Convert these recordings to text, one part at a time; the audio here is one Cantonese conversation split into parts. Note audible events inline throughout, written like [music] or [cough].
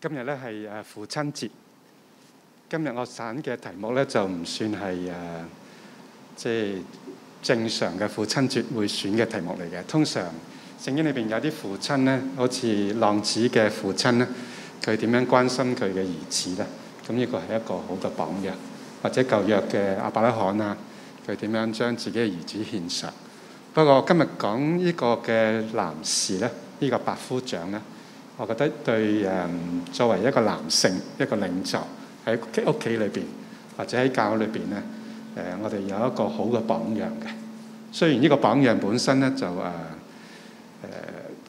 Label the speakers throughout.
Speaker 1: 今日咧係誒父親節。今日我講嘅題目咧就唔算係誒、啊、即係正常嘅父親節會選嘅題目嚟嘅。通常聖經裏邊有啲父親咧，好似浪子嘅父親咧，佢點樣關心佢嘅兒子咧？咁呢個係一個好嘅榜樣，或者舊約嘅亞伯拉罕啊，佢點樣將自己嘅兒子獻上。不過今日講呢個嘅男士咧，這個、呢個百夫長咧。我覺得對誒，作為一個男性、一個領袖，喺屋企裏邊或者喺教裏邊呢，誒，我哋有一個好嘅榜樣嘅。雖然呢個榜樣本身呢就誒誒，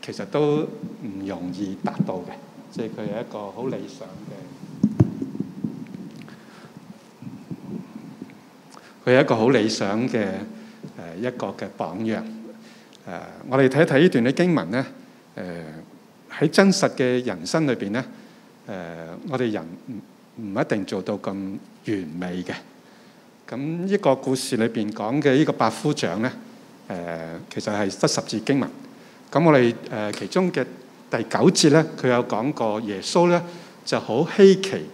Speaker 1: 其實都唔容易達到嘅，即係佢係一個好理想嘅，佢係一個好理想嘅誒一個嘅榜樣。誒，我哋睇一睇呢段嘅經文呢，誒。喺真實嘅人生裏邊咧，誒、呃，我哋人唔唔一定做到咁完美嘅。咁呢個故事裏邊講嘅呢個百夫長咧，誒、呃，其實係得十節經文。咁我哋誒、呃、其中嘅第九節咧，佢有講過耶穌咧就好稀奇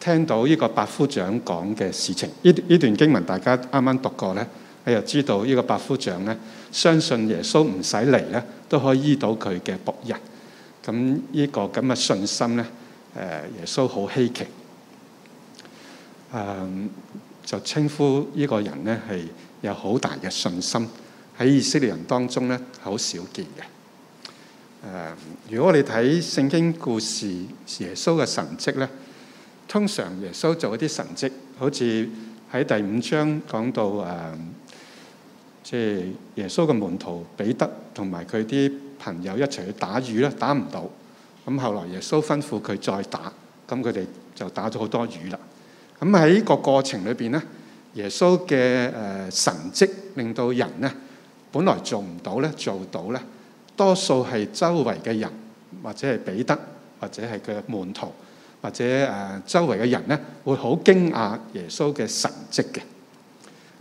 Speaker 1: 聽到呢個百夫長講嘅事情。呢呢段經文大家啱啱讀過咧，你又知道這個伯父呢個百夫長咧相信耶穌唔使嚟咧都可以醫到佢嘅僕人。咁依個咁嘅信心咧，誒耶穌好稀奇，誒就稱呼依個人咧係有好大嘅信心，喺以色列人當中咧好少見嘅。誒，如果我哋睇聖經故事，耶穌嘅神跡咧，通常耶穌做一啲神跡，好似喺第五章講到誒，即係耶穌嘅門徒彼得同埋佢啲。朋友一齊去打魚啦，打唔到。咁後來耶穌吩咐佢再打，咁佢哋就打咗好多魚啦。咁喺呢個過程裏邊咧，耶穌嘅誒、呃、神跡令到人咧，本來做唔到咧做到咧，多數係周圍嘅人或者係彼得或者係佢嘅門徒或者誒、呃、周圍嘅人咧，會好驚訝耶穌嘅神跡嘅。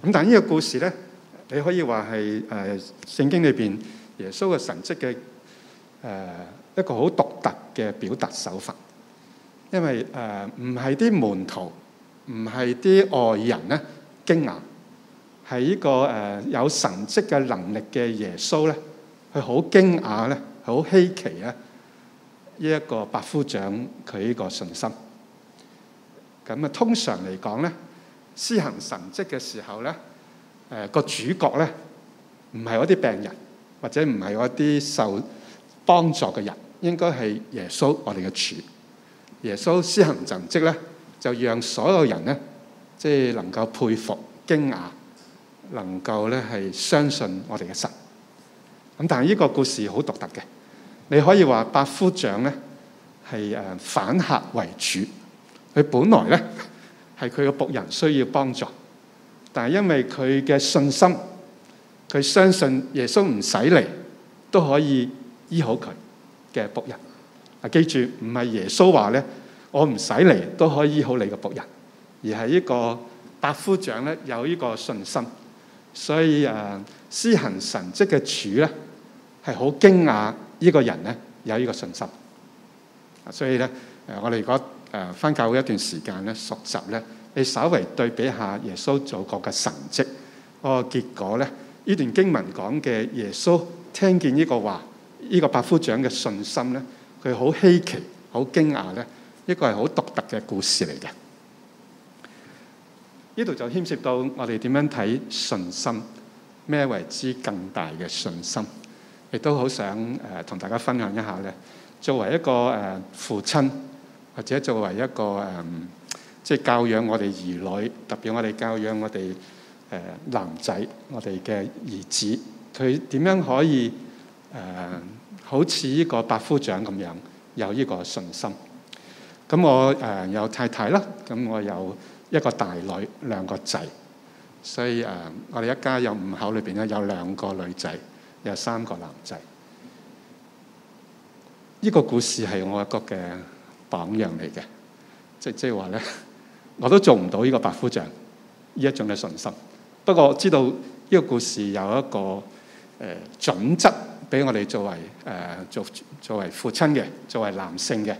Speaker 1: 咁但係呢個故事咧，你可以話係誒聖經裏邊。耶穌嘅神蹟嘅誒一個好獨特嘅表達手法，因為誒唔係啲門徒，唔係啲外人咧驚訝，係呢個誒、呃、有神蹟嘅能力嘅耶穌咧，佢好驚訝咧，好稀奇啊！呢、這、一個百夫長佢呢個信心，咁啊通常嚟講咧，施行神蹟嘅時候咧，誒、呃、個主角咧唔係嗰啲病人。或者唔係嗰啲受幫助嘅人，應該係耶穌我哋嘅主。耶穌施行神跡咧，就讓所有人咧，即係能夠佩服、驚訝，能夠咧係相信我哋嘅神。咁但係呢個故事好獨特嘅，你可以話百夫長咧係誒反客為主，佢本來咧係佢嘅僕人需要幫助，但係因為佢嘅信心。佢相信耶穌唔使嚟都可以醫好佢嘅僕人。嗱，記住唔係耶穌話咧，我唔使嚟都可以醫好你嘅僕人，而係呢個百夫長咧有呢個信心，所以誒施行神跡嘅主咧係好驚訝呢驚訝個人咧有呢個信心。所以咧，誒我哋如果誒返教會一段時間咧，熟習咧，你稍微對比下耶穌做過嘅神跡，那個結果咧。呢段經文講嘅耶穌聽見呢個話，呢、這個百夫長嘅信心呢，佢好稀奇，好驚訝，呢一個係好獨特嘅故事嚟嘅。呢度就牽涉到我哋點樣睇信心，咩為之更大嘅信心？亦都好想誒同、呃、大家分享一下呢，作為一個誒、呃、父親，或者作為一個誒即係教養我哋兒女，特別我哋教養我哋。誒，男仔，我哋嘅兒子，佢點樣可以誒、呃，好似呢個百夫長咁樣有呢個信心？咁我誒、呃、有太太啦，咁我有一個大女，兩個仔，所以誒、呃、我哋一家有五口裏邊咧有兩個女仔，有三個男仔。呢、這個故事係我一個嘅榜樣嚟嘅，即係即係話咧，我都做唔到呢個百夫長呢一種嘅信心。不過我知道呢個故事有一個誒、呃、準則，俾我哋作為誒、呃、作作為父親嘅、作為男性嘅，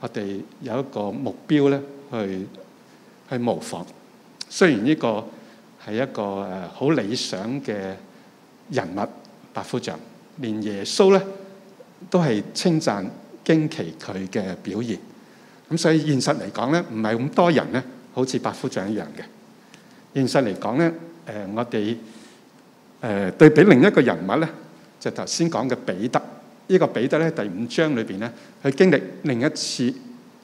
Speaker 1: 我哋有一個目標咧，去去模仿。雖然呢個係一個誒好理想嘅人物，百夫長，連耶穌咧都係稱讚、驚奇佢嘅表現。咁所以現實嚟講咧，唔係咁多人咧，好似百夫長一樣嘅。現實嚟講咧。誒、呃，我哋誒、呃、對比另一個人物咧，就頭先講嘅彼得，呢個彼得咧，第五章裏邊咧，佢經歷另一次誒、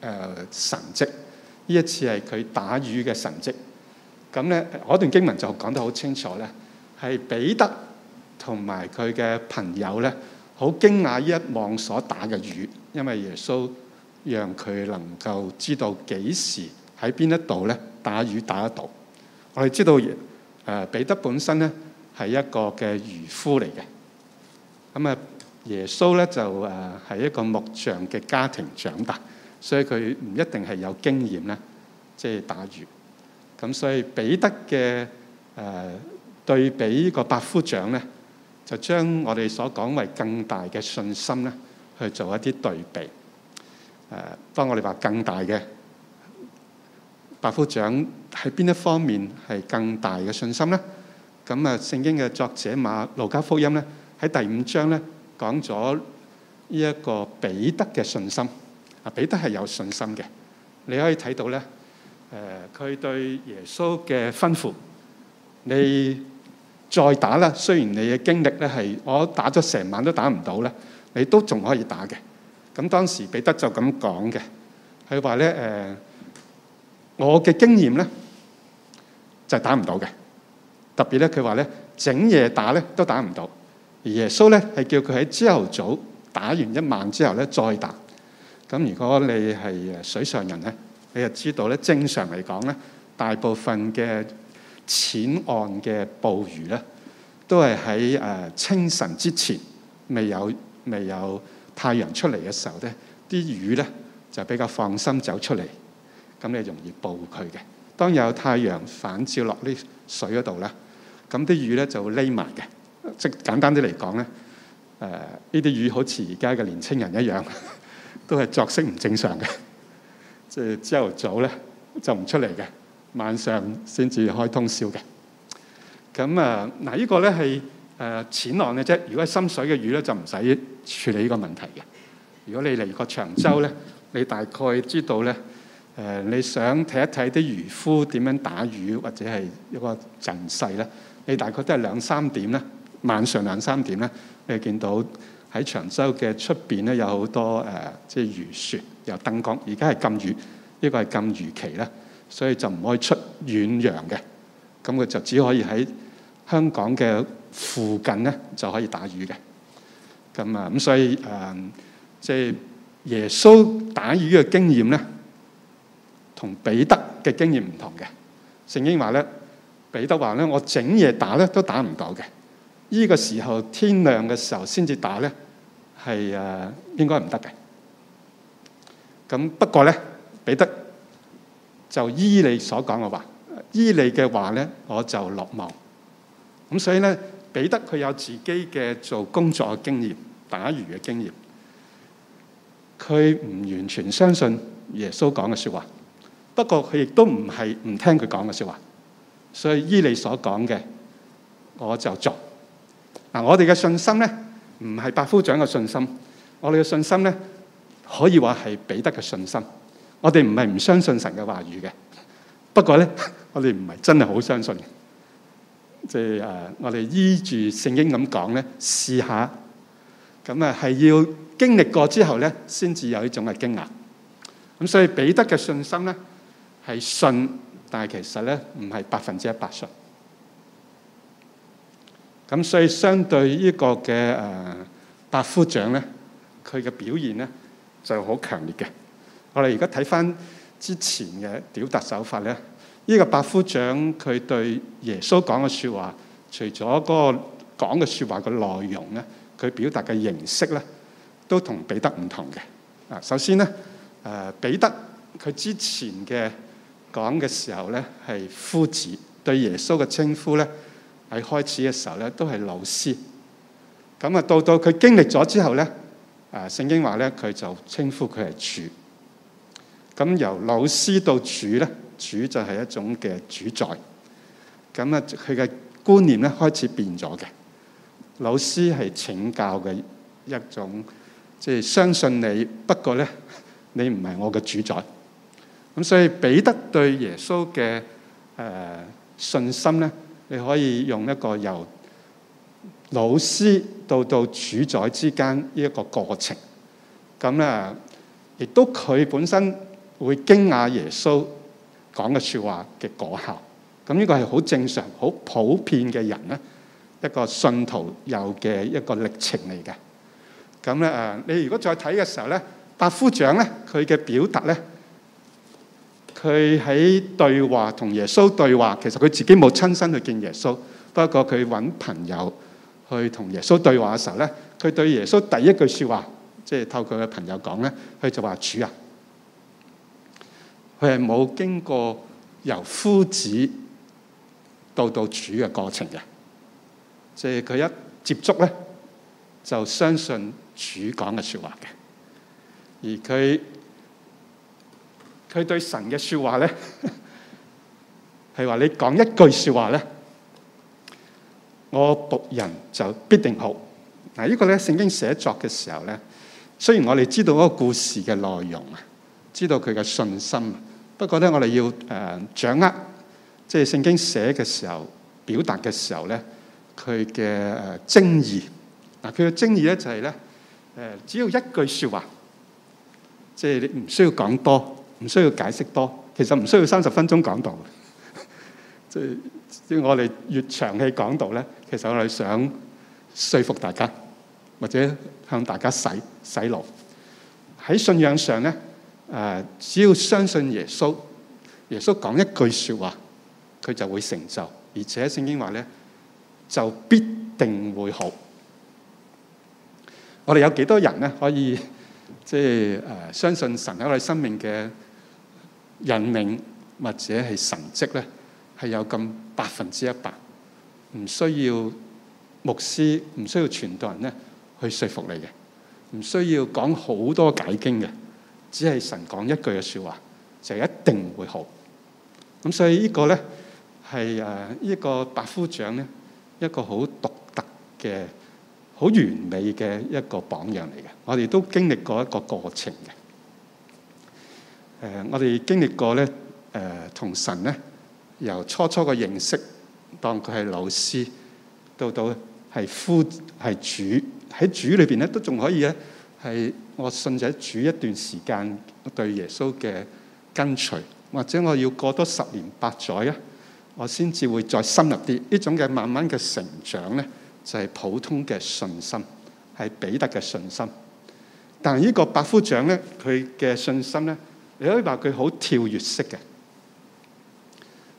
Speaker 1: 呃、神跡，呢一次係佢打魚嘅神跡。咁咧，嗰段經文就講得好清楚咧，係彼得同埋佢嘅朋友咧，好驚訝呢一網所打嘅魚，因為耶穌讓佢能夠知道幾時喺邊一度咧打魚打得到。我哋知道。誒、啊、彼得本身咧係一個嘅漁夫嚟嘅，咁啊耶穌咧就誒係一個木匠嘅家庭長大，所以佢唔一定係有經驗咧，即、就、係、是、打漁。咁所以彼得嘅誒、啊、對比個伯父呢個百夫長咧，就將我哋所講為更大嘅信心咧去做一啲對比。誒、啊、當我哋話更大嘅百夫長。喺邊一方面係更大嘅信心咧？咁啊，聖經嘅作者馬路加福音咧，喺第五章咧講咗呢一個彼得嘅信心。啊，彼得係有信心嘅，你可以睇到咧，誒、呃，佢對耶穌嘅吩咐，你再打啦，雖然你嘅經歷咧係我打咗成晚都打唔到咧，你都仲可以打嘅。咁當時彼得就咁講嘅，佢話咧，誒、呃，我嘅經驗咧。係打唔到嘅，特別咧佢話咧，整夜打咧都打唔到，而耶穌咧係叫佢喺朝頭早打完一晚之後咧再打。咁如果你係水上人咧，你就知道咧，正常嚟講咧，大部分嘅淺岸嘅捕魚咧，都係喺誒清晨之前未有未有太陽出嚟嘅時候咧，啲魚咧就比較放心走出嚟，咁你容易捕佢嘅。當有太陽反照落啲水嗰度咧，咁啲魚咧就匿埋嘅。即簡單啲嚟講咧，誒呢啲魚好似而家嘅年青人一樣，都係作息唔正常嘅。即朝頭早咧就唔出嚟嘅，晚上先至開通宵嘅。咁啊嗱，呢、呃呢個咧係誒淺浪嘅啫。如果係深水嘅魚咧，就唔使處理呢個問題嘅。如果你嚟過長洲咧，你大概知道咧。誒、呃，你想睇一睇啲漁夫點樣打魚，或者係一個陣勢咧？你大概都係兩三點咧，晚上兩三點咧，你見到喺長洲嘅出邊咧有好多誒，即、呃、係、就是、漁船有燈光。而家係禁漁，一個係禁漁期，呢個係禁漁期咧，所以就唔可以出遠洋嘅。咁佢就只可以喺香港嘅附近咧就可以打魚嘅。咁啊，咁所以誒，即、呃、係、就是、耶穌打魚嘅經驗咧。同彼得嘅經驗唔同嘅。聖經話咧，彼得話咧，我整夜打咧都打唔到嘅。呢、這個時候天亮嘅時候先至打咧，係誒、呃、應該唔得嘅。咁不過咧，彼得就依你所講嘅話，依你嘅話咧，我就落網。咁所以咧，彼得佢有自己嘅做工作嘅經驗，打魚嘅經驗，佢唔完全相信耶穌講嘅說話。不過佢亦都唔係唔聽佢講嘅說話，所以依你所講嘅，我就做。嗱，我哋嘅信心咧，唔係百夫長嘅信心，我哋嘅信心咧，可以話係彼得嘅信心。我哋唔係唔相信神嘅話語嘅，不過咧，我哋唔係真係好相信。即係誒，我哋依住聖經咁講咧，試下，咁啊係要經歷過之後咧，先至有呢種嘅驚訝。咁所以彼得嘅信心咧。係信，但係其實咧唔係百分之一百信。咁所以相對這個、呃、呢個嘅誒百夫長咧，佢嘅表現咧就好強烈嘅。我哋而家睇翻之前嘅表達手法咧，呢、這個百夫長佢對耶穌講嘅說的話，除咗嗰個講嘅說話嘅內容咧，佢表達嘅形式咧，都同彼得唔同嘅。啊，首先咧，誒、呃、彼得佢之前嘅。講嘅時候咧，係夫子對耶穌嘅稱呼咧，喺開始嘅時候咧，都係老師。咁啊，到到佢經歷咗之後咧，啊聖經話咧，佢就稱呼佢係主。咁由老師到主咧，主就係一種嘅主宰。咁啊，佢嘅觀念咧開始變咗嘅。老師係請教嘅一種，即係相信你，不過咧你唔係我嘅主宰。咁所以彼得對耶穌嘅誒信心咧，你可以用一個由老師到到主宰之間呢一個過程。咁咧，亦都佢本身會驚訝耶穌講嘅説話嘅果效。咁呢個係好正常、好普遍嘅人咧，一個信徒有嘅一個歷程嚟嘅。咁咧誒，你如果再睇嘅時候咧，百夫長咧佢嘅表達咧。佢喺對話同耶穌對話，其實佢自己冇親身去見耶穌，不過佢揾朋友去同耶穌對話嘅時候咧，佢對耶穌第一句説話，即係透過佢嘅朋友講咧，佢就話主啊，佢係冇經過由夫子到到主嘅過程嘅，即係佢一接觸咧就相信主講嘅説話嘅，而佢。佢對神嘅説話咧係話：說你講一句説話咧，我僕人就必定好嗱。依、這個咧，聖經寫作嘅時候咧，雖然我哋知道嗰個故事嘅內容啊，知道佢嘅信心，不過咧，我哋要誒掌握即係聖經寫嘅時候表達嘅時候咧，佢嘅精義嗱。佢嘅精義咧就係咧誒，只要一句説話，即、就、係、是、你唔需要講多，唔需要解釋多，其實唔需要三十分鐘講道。即係即係我哋越長氣講道咧，其實我哋想說服大家，或者向大家洗洗腦。喺信仰上咧，誒，只要相信耶穌，耶穌講一句說話，佢就會成就。而且聖經話咧，就必定會好。我哋有幾多人咧可以即係誒相信神喺我哋生命嘅？人命或者係神跡咧，係有咁百分之一百，唔需要牧師，唔需要傳道人咧去說服你嘅，唔需要講好多解經嘅，只係神講一句嘅說話，就一定會好。咁所以呢個呢是，啊呢個咧係誒一個百夫長咧，一個好獨特嘅，好完美嘅一個榜樣嚟嘅。我哋都經歷過一個過程嘅。誒，我哋經歷過咧，誒、呃，同神咧，由初初嘅認識，當佢係老師，到到係夫係主喺主裏邊咧，都仲可以咧係我信者主一段時間對耶穌嘅跟隨，或者我要過多十年八載啊，我先至會再深入啲呢種嘅慢慢嘅成長咧，就係、是、普通嘅信心係彼得嘅信心，但係呢個百夫長咧，佢嘅信心咧。你可以話佢好跳躍式嘅。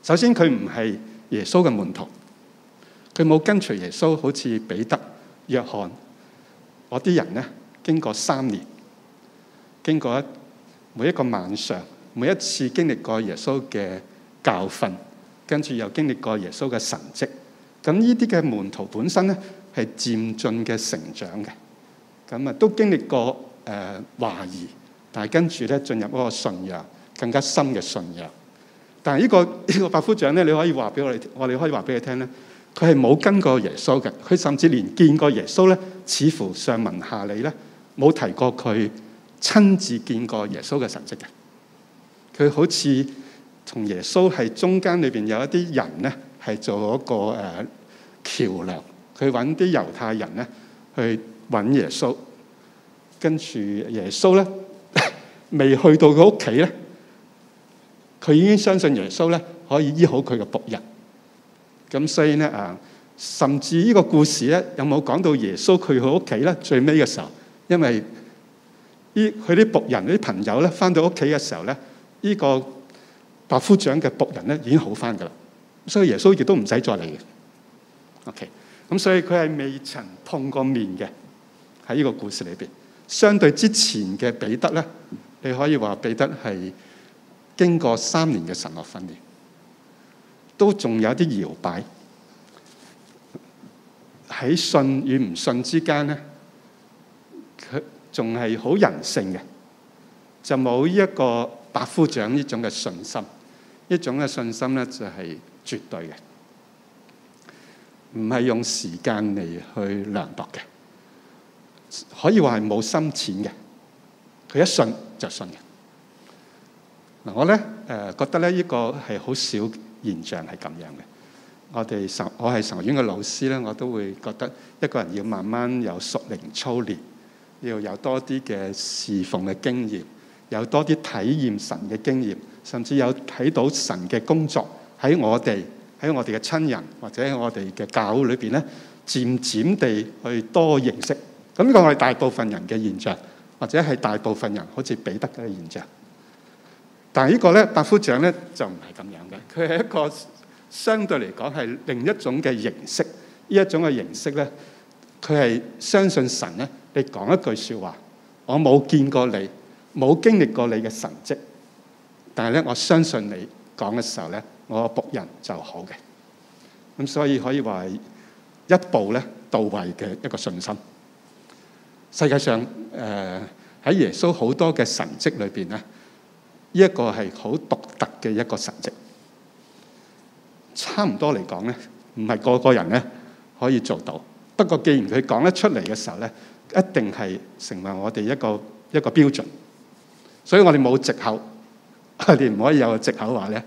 Speaker 1: 首先佢唔係耶穌嘅門徒，佢冇跟隨耶穌，好似彼得、約翰。我啲人咧，經過三年，經過一每一個晚上，每一次經歷過耶穌嘅教訓，跟住又經歷過耶穌嘅神跡。咁呢啲嘅門徒本身咧，係漸進嘅成長嘅。咁啊，都經歷過誒、呃、懷疑。但係跟住咧，進入嗰個信仰，更加深嘅信仰。但係、這個這個、呢個呢個百夫長咧，你可以話俾我哋，我哋可以話俾你聽咧，佢係冇跟過耶穌嘅，佢甚至連見過耶穌咧，似乎上文下理咧，冇提過佢親自見過耶穌嘅神跡嘅。佢好似同耶穌係中間裏邊有一啲人咧，係做一個誒橋、啊、梁，佢揾啲猶太人咧，去揾耶穌，跟住耶穌咧。未去到佢屋企咧，佢已經相信耶穌咧可以醫好佢嘅僕人。咁所以咧啊，甚至呢個故事咧有冇講到耶穌佢去屋企咧？最尾嘅時候，因為呢佢啲僕人啲朋友咧翻到屋企嘅時候咧，呢個百夫長嘅僕人咧已經好翻噶啦，所以耶穌亦都唔使再嚟嘅。OK，咁所以佢係未曾碰過面嘅喺呢個故事裏邊。相對之前嘅彼得咧。你可以話彼得係經過三年嘅神學訓練，都仲有啲搖擺喺信與唔信之間咧，佢仲係好人性嘅，就冇呢一個百夫長呢種嘅信心，呢種嘅信心咧就係絕對嘅，唔係用時間嚟去量度嘅，可以話係冇深淺嘅。佢一信就信嘅嗱，我咧誒、呃、覺得咧，依、這個係好少現象係咁樣嘅。我哋我係神學院嘅老師咧，我都會覺得一個人要慢慢有熟練操練，要有多啲嘅侍奉嘅經驗，有多啲體驗神嘅經驗，甚至有睇到神嘅工作喺我哋喺我哋嘅親人或者我哋嘅教裏邊咧，漸漸地去多認識。咁、這、呢個係我哋大部分人嘅現象。或者係大部分人好似彼得嘅現象，但係呢個咧，百夫長咧就唔係咁樣嘅。佢係一個相對嚟講係另一種嘅形式，呢一種嘅形式咧，佢係相信神咧，你講一句説話，我冇見過你，冇經歷過你嘅神跡，但係咧，我相信你講嘅時候咧，我僕人就好嘅。咁所以可以話係一步咧到位嘅一個信心。世界上誒喺耶穌好多嘅神跡裏邊咧，呢一個係好獨特嘅一個神跡。差唔多嚟講咧，唔係個個人咧可以做到。不過既然佢講得出嚟嘅時候咧，一定係成為我哋一個一個標準。所以我哋冇藉口，你唔可以有個藉口話咧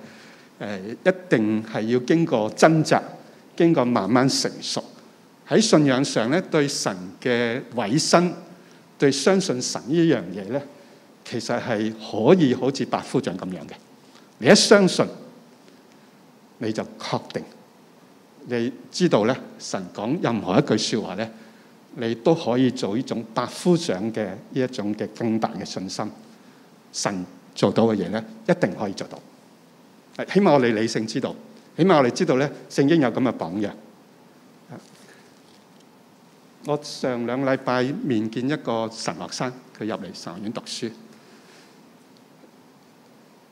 Speaker 1: 誒，一定係要經過掙扎，經過慢慢成熟。喺信仰上咧，對神嘅委身，對相信神呢樣嘢咧，其實係可以好似百夫長咁樣嘅。你一相信，你就確定，你知道咧，神講任何一句説話咧，你都可以做呢種百夫長嘅呢一種嘅更大嘅信心。神做到嘅嘢咧，一定可以做到。起碼我哋理性知道，起碼我哋知道咧，聖經有咁嘅榜樣。我上兩禮拜面見一個神學生，佢入嚟神學院讀書，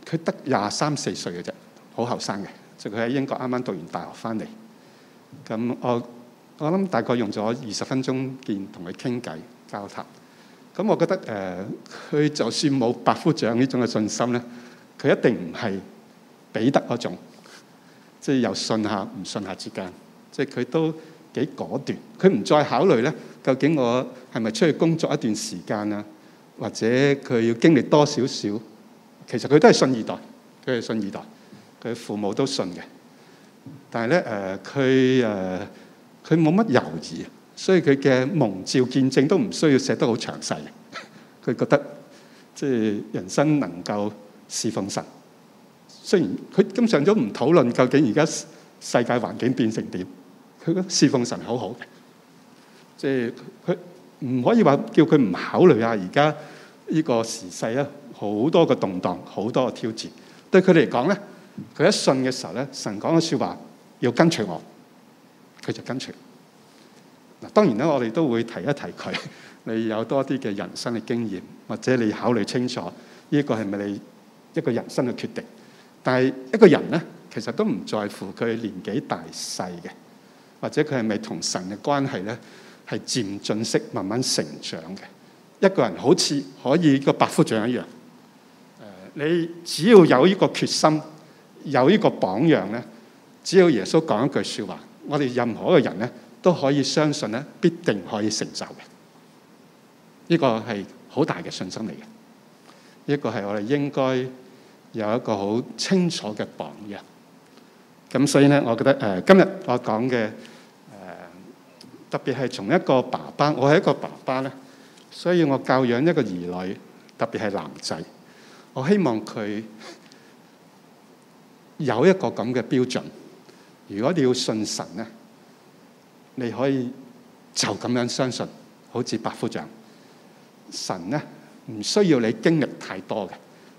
Speaker 1: 佢得廿三四歲嘅啫，好後生嘅，所以佢喺英國啱啱讀完大學翻嚟。咁我我諗大概用咗二十分鐘見同佢傾偈、交談。咁我覺得誒，佢、呃、就算冇百夫長呢種嘅信心咧，佢一定唔係彼得嗰種，即係又信下唔信下之間，即係佢都。幾果斷，佢唔再考慮咧，究竟我係咪出去工作一段時間啊？或者佢要經歷多少少？其實佢都係信二代，佢係信二代，佢父母都信嘅。但係咧，誒佢誒佢冇乜猶豫，所以佢嘅蒙召見證都唔需要寫得好詳細。佢覺得即係人生能夠侍奉神，雖然佢今上咗唔討論究竟而家世界環境變成點。佢侍奉神好好嘅，即係佢唔可以話叫佢唔考慮下而家呢個時勢啊，好多個動盪，好多個挑戰。對佢嚟講咧，佢一信嘅時候咧，神講嘅說話，要跟隨我，佢就跟隨。嗱，當然啦，我哋都會提一提佢，你有多啲嘅人生嘅經驗，或者你考慮清楚呢個係咪你一個人生嘅決定？但係一個人咧，其實都唔在乎佢年紀大細嘅。或者佢係咪同神嘅關係咧，係漸進式慢慢成長嘅？一個人好似可以一個百夫長一樣，誒，你只要有呢個決心，有呢個榜樣咧，只要耶穌講一句說話，我哋任何一個人咧都可以相信咧，必定可以成就嘅。呢個係好大嘅信心嚟嘅，呢個係我哋應該有一個好清楚嘅榜樣。咁所以咧，我覺得、呃、今日我講嘅、呃、特別係從一個爸爸，我係一個爸爸咧，所以我教養一個兒女，特別係男仔，我希望佢有一個咁嘅標準。如果你要信神咧，你可以就咁樣相信，好似百夫長神咧，唔需要你經歷太多嘅，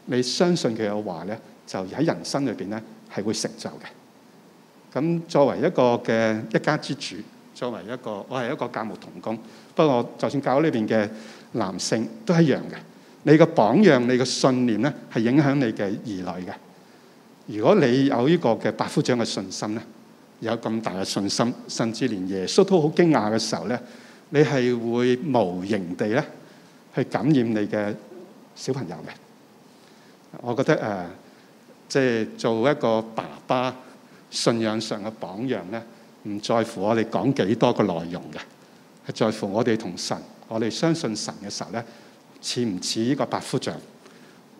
Speaker 1: 你相信佢嘅話咧，就喺人生裏面咧係會成就嘅。咁作為一個嘅一家之主，作為一個我係一個教牧同工，不過就算教呢邊嘅男性都係一樣嘅。你嘅榜樣，你嘅信念咧，係影響你嘅兒女嘅。如果你有呢個嘅百夫長嘅信心咧，有咁大嘅信心，甚至連耶穌都好驚訝嘅時候咧，你係會無形地咧去感染你嘅小朋友嘅。我覺得誒、呃，即係做一個爸爸。信仰上嘅榜樣咧，唔在乎我哋講幾多個內容嘅，係在乎我哋同神，我哋相信神嘅時候咧，似唔似呢個百夫長？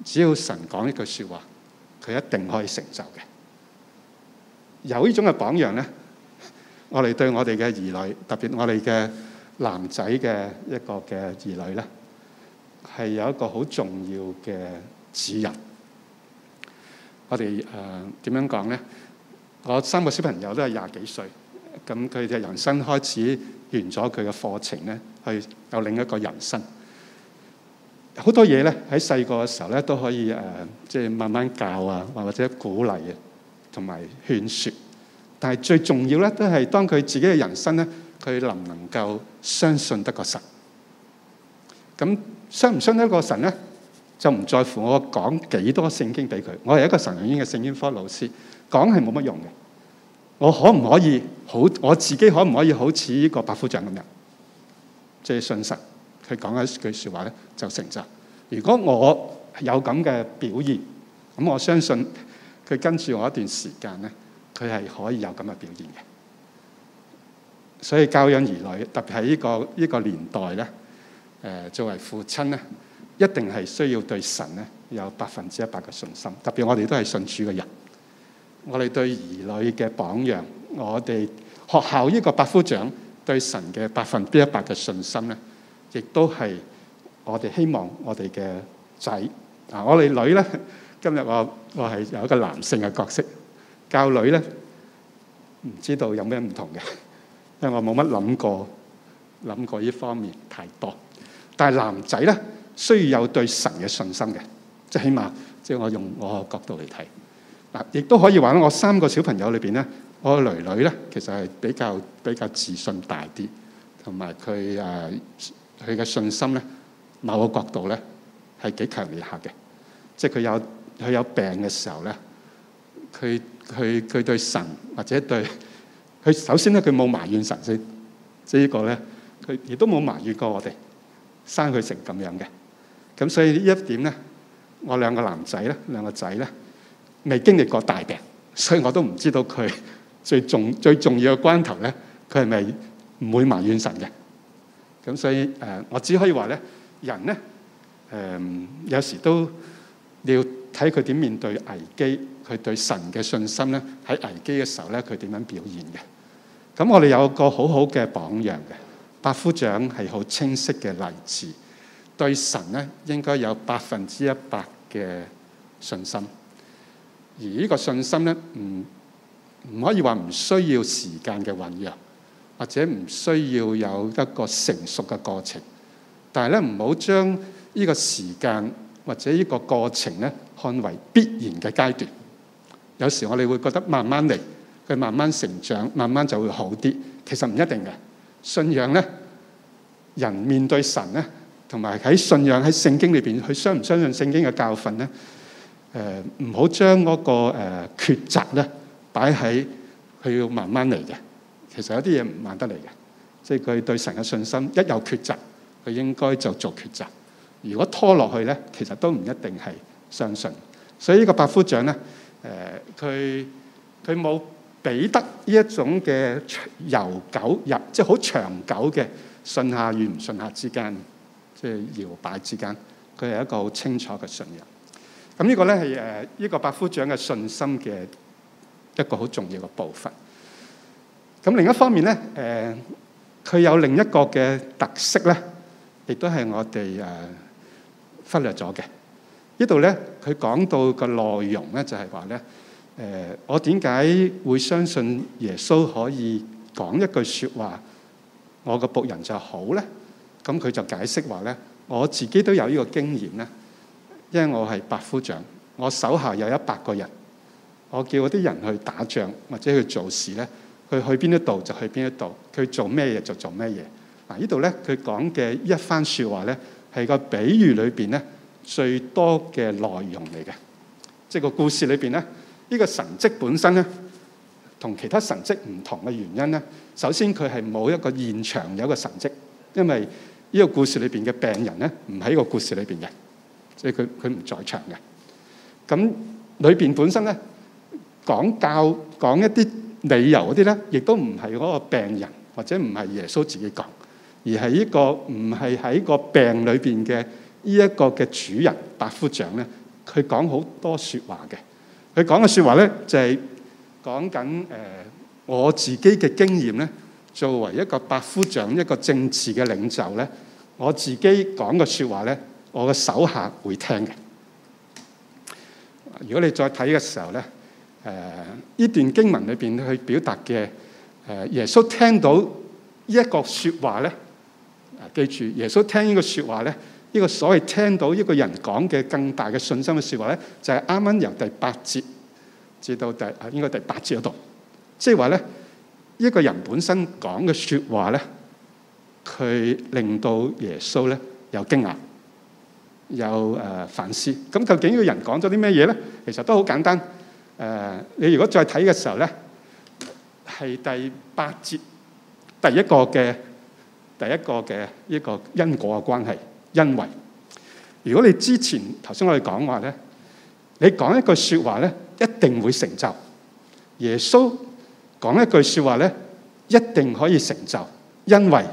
Speaker 1: 只要神講一句説話，佢一定可以成就嘅。有呢種嘅榜樣咧，我哋對我哋嘅兒女，特別我哋嘅男仔嘅一個嘅兒女咧，係有一個好重要嘅指引。我哋誒點樣講咧？我三個小朋友都係廿幾歲，咁佢嘅人生開始完咗佢嘅課程咧，去有另一個人生。好多嘢咧，喺細個嘅時候咧，都可以誒，即、呃、係、就是、慢慢教啊，或者鼓勵啊，同埋勸説。但係最重要咧，都係當佢自己嘅人生咧，佢能唔能夠相信得個神？咁相唔相得個神咧，就唔在乎我講幾多聖經俾佢。我係一個神學院嘅聖經科老師，講係冇乜用嘅。我可唔可以好？我自己可唔可以好似呢個百夫長咁樣？即係信實，佢講一句説話咧，就成就。如果我有咁嘅表現，咁我相信佢跟住我一段時間咧，佢係可以有咁嘅表現嘅。所以教養兒女，特別係呢個呢、呢個年代咧，誒、呃、作為父親咧，一定係需要對神咧有百分之一百嘅信心。特別我哋都係信主嘅人。我哋對兒女嘅榜樣，我哋學效呢個百夫長對神嘅百分之一百嘅信心咧，亦都係我哋希望我哋嘅仔啊，我哋女咧，今日我我係有一個男性嘅角色，教女咧唔知道有咩唔同嘅，因為我冇乜諗過諗過呢方面太多，但係男仔咧需要有對神嘅信心嘅，即係起碼即係我用我嘅角度嚟睇。嗱，亦都可以話咧。我三個小朋友裏邊咧，我個女女咧，其實係比較比較自信大啲，同埋佢誒佢嘅信心咧，某個角度咧係幾強烈下嘅。即係佢有佢有病嘅時候咧，佢佢佢對神或者對佢，首先咧，佢冇埋怨神先。即係呢個咧，佢亦都冇埋怨過我哋生佢成咁樣嘅。咁所以呢一點咧，我兩個男仔咧，兩個仔咧。未經歷過大病，所以我都唔知道佢最重最重要嘅關頭咧，佢係咪唔會埋怨神嘅？咁所以誒、呃，我只可以話咧，人咧誒、呃，有時都要睇佢點面對危機，佢對神嘅信心咧喺危機嘅時候咧，佢點樣表現嘅？咁我哋有個好好嘅榜樣嘅，百夫長係好清晰嘅例子，對神咧應該有百分之一百嘅信心。而呢個信心咧，唔唔可以話唔需要時間嘅醞釀，或者唔需要有一個成熟嘅過程。但係咧，唔好將呢個時間或者呢個過程咧看為必然嘅階段。有時我哋會覺得慢慢嚟，佢慢慢成長，慢慢就會好啲。其實唔一定嘅。信仰咧，人面對神咧，同埋喺信仰喺聖經裏邊，佢相唔相信聖經嘅教訓咧？誒唔好將嗰個、呃、抉擇咧擺喺佢要慢慢嚟嘅，其實有啲嘢唔慢得嚟嘅。即係佢對神嘅信心，一有抉擇，佢應該就做抉擇。如果拖落去咧，其實都唔一定係相信。所以這個呢個百夫長咧，誒佢佢冇彼得呢一種嘅悠久入，即係好長久嘅信下與唔信下之間，即係搖擺之間。佢係一個好清楚嘅信任。咁呢個咧係誒呢個百夫長嘅信心嘅一個好重要嘅部分。咁另一方面咧，誒佢有另一個嘅特色咧，亦都係我哋誒忽略咗嘅。呢度咧佢講到個內容咧，就係話咧，誒我點解會相信耶穌可以講一句説話，我個僕人就好咧？咁佢就解釋話咧，我自己都有呢個經驗咧。因為我係百夫長，我手下有一百個人，我叫啲人去打仗或者去做事咧，佢去邊一度就去邊一度，佢做咩嘢就做咩嘢。嗱，呢度咧佢講嘅一番説話咧，係個比喻裏邊咧最多嘅內容嚟嘅，即係個故事裏邊咧，呢、呢個神蹟本身咧，同其他神蹟唔同嘅原因咧，首先佢係冇一個現場有一個神蹟，因為呢個故事裏邊嘅病人咧，唔喺個故事裏邊嘅。即係佢佢唔在場嘅，咁裏邊本身咧講教講一啲理由嗰啲咧，亦都唔係嗰個病人或者唔係耶穌自己講，而係呢個唔係喺個病裏邊嘅呢一個嘅主人百夫長咧，佢講好多説話嘅。佢講嘅説話咧就係、是、講緊誒、呃、我自己嘅經驗咧，作為一個百夫長一個政治嘅領袖咧，我自己講嘅説話咧。我嘅手下會聽嘅。如果你再睇嘅時候咧，誒呢段經文裏邊去表達嘅誒，耶穌聽到呢一個説話咧，記住耶穌聽呢個説話咧，呢個所謂聽到一個人講嘅更大嘅信心嘅説話咧，就係啱啱由第八節至到第啊應該第八節嗰度，即係話咧，一個人本身講嘅説話咧，佢令到耶穌咧有驚訝。有誒反思咁究竟呢個人講咗啲咩嘢咧？其實都好簡單誒。你如果再睇嘅時候咧，係第八節第一個嘅第一個嘅一個因果嘅關係，因為如果你之前頭先我哋講話咧，你講一句説話咧，一定會成就；耶穌講一句説話咧，一定可以成就，因為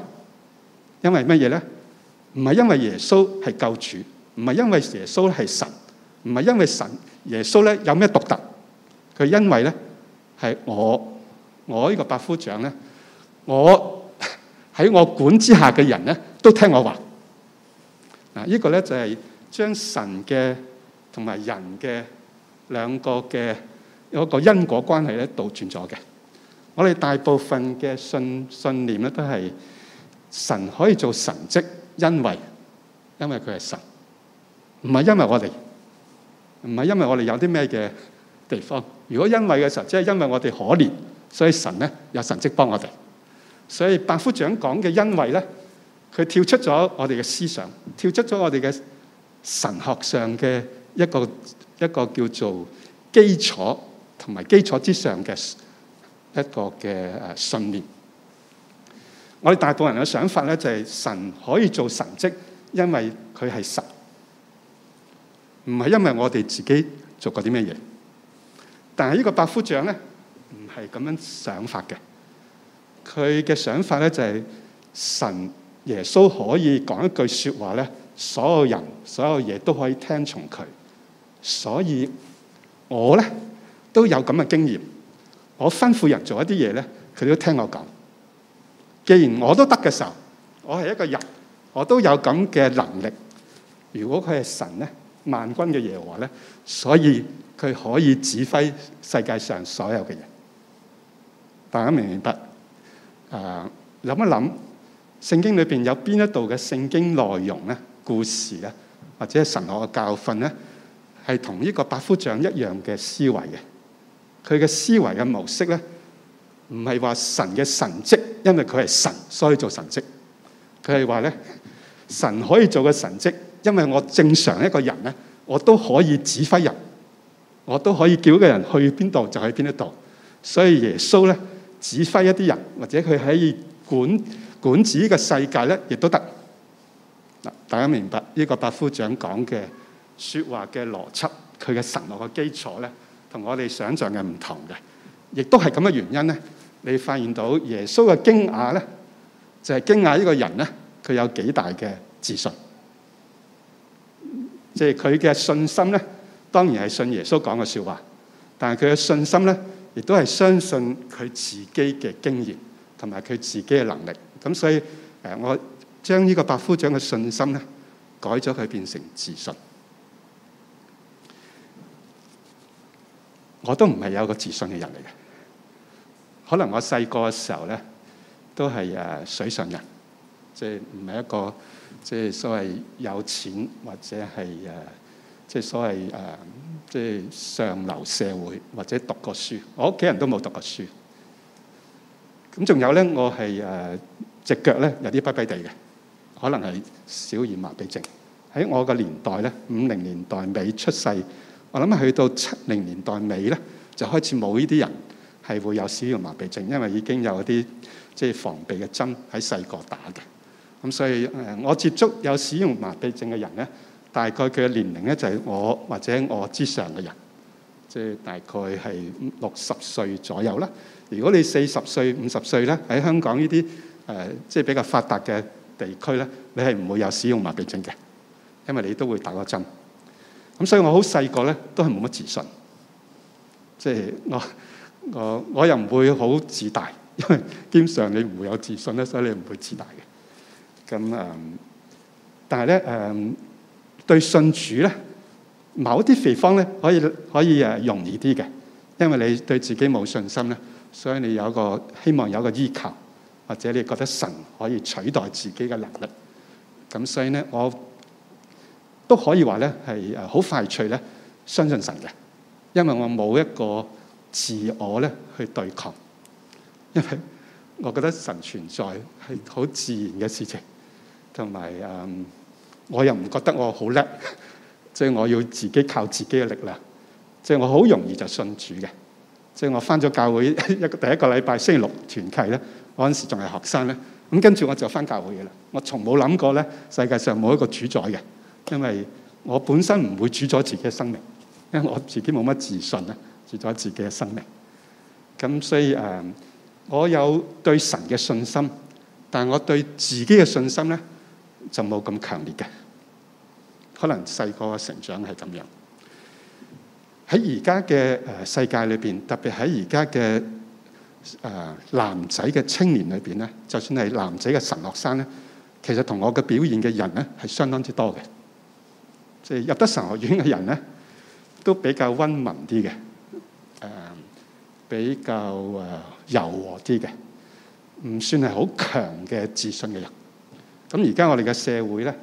Speaker 1: 因為乜嘢咧？唔係因為耶穌係救主。唔係因為耶穌咧係神，唔係因為神耶穌咧有咩獨特？佢因為咧係我我呢個百夫長咧，我喺我管之下嘅人咧都聽我話。啊、這個，呢個咧就係將神嘅同埋人嘅兩個嘅有一個因果關係咧倒轉咗嘅。我哋大部分嘅信信念咧都係神可以做神跡，因為因為佢係神。唔係因為我哋，唔係因為我哋有啲咩嘅地方。如果因為嘅時候，即係因為我哋可憐，所以神咧有神蹟幫我哋。所以百夫長講嘅因為咧，佢跳出咗我哋嘅思想，跳出咗我哋嘅神學上嘅一個一個叫做基礎同埋基礎之上嘅一個嘅誒信念。我哋大部分人嘅想法咧就係神可以做神蹟，因為佢係神。唔係因為我哋自己做過啲咩嘢，但係呢個百夫長咧，唔係咁樣想法嘅。佢嘅想法咧就係神耶穌可以講一句説話咧，所有人所有嘢都可以聽從佢。所以我咧都有咁嘅經驗，我吩咐人做一啲嘢咧，佢都聽我講。既然我都得嘅時候，我係一個人，我都有咁嘅能力。如果佢係神咧？萬軍嘅耶和華呢，所以佢可以指揮世界上所有嘅嘢。大家明唔明白？誒、啊，諗一諗，聖經裏邊有邊一度嘅聖經內容呢？故事呢？或者神學嘅教訓呢？係同呢個百夫長一樣嘅思維嘅。佢嘅思維嘅模式咧，唔係話神嘅神蹟，因為佢係神，所以做神蹟。佢係話咧，神可以做嘅神蹟。因為我正常一個人咧，我都可以指揮人，我都可以叫一個人去邊度就去邊一度，所以耶穌咧，指揮一啲人，或者佢可以管管治呢個世界咧，亦都得。大家明白，這個、伯父呢個百夫長講嘅説話嘅邏輯，佢嘅神學嘅基礎咧，同我哋想象嘅唔同嘅，亦都係咁嘅原因咧。你發現到耶穌嘅驚訝咧，就係驚訝呢個人咧，佢有幾大嘅自信。即係佢嘅信心咧，當然係信耶穌講嘅説話，但係佢嘅信心咧，亦都係相信佢自己嘅經驗同埋佢自己嘅能力。咁所以誒，我將呢個百夫長嘅信心咧，改咗佢變成自信。我都唔係有個自信嘅人嚟嘅，可能我細個嘅時候咧，都係誒水上人，即係唔係一個。即係所謂有錢或者係誒，即係所謂誒，即係上流社會或者讀過書。我屋企人都冇讀過書。咁仲有咧，我係誒隻腳咧有啲跛跛地嘅，可能係小兒麻痹症。喺我個年代咧，五零年代尾出世，我諗去到七零年代尾咧，就開始冇呢啲人係會有小兒麻痹症，因為已經有啲即係防備嘅針喺細個打嘅。咁所以誒，我接觸有使用麻痹症嘅人咧，大概佢嘅年齡咧就係我或者我之上嘅人，即係大概係六十歲左右啦。如果你四十歲、五十歲咧，喺香港呢啲誒即係比較發達嘅地區咧，你係唔會有使用麻痹症嘅，因為你都會打個針。咁所以我好細個咧，都係冇乜自信，即係我我我又唔會好自大，因為基本上你唔會有自信咧，所以你唔會自大嘅。咁但係咧誒，對信主咧，某啲地方咧可以可以誒容易啲嘅，因為你對自己冇信心咧，所以你有個希望有個依靠，或者你覺得神可以取代自己嘅能力。咁所以咧，我都可以話咧係誒好快脆咧相信神嘅，因為我冇一個自我咧去對抗，因為我覺得神存在係好自然嘅事情。同埋誒，我又唔覺得我好叻，即係我要自己靠自己嘅力量，即係我好容易就信主嘅。即係我翻咗教會一個第一個禮拜星期六團契咧，我嗰陣時仲係學生咧。咁跟住我就翻教會嘅啦。我從冇諗過咧，世界上冇一個主宰嘅，因為我本身唔會主宰自己嘅生命，因為我自己冇乜自信啊，主宰自己嘅生命。咁所以誒，我有對神嘅信心，但我對自己嘅信心咧。就冇咁強烈嘅，可能細個成長係咁樣。喺而家嘅誒世界裏邊，特別喺而家嘅誒男仔嘅青年裏邊咧，就算係男仔嘅神學生咧，其實同我嘅表現嘅人咧係相當之多嘅。即係入得神學院嘅人咧，都比較溫文啲嘅，誒比較誒柔和啲嘅，唔算係好強嘅自信嘅人。咁而家我哋嘅社會咧，誒、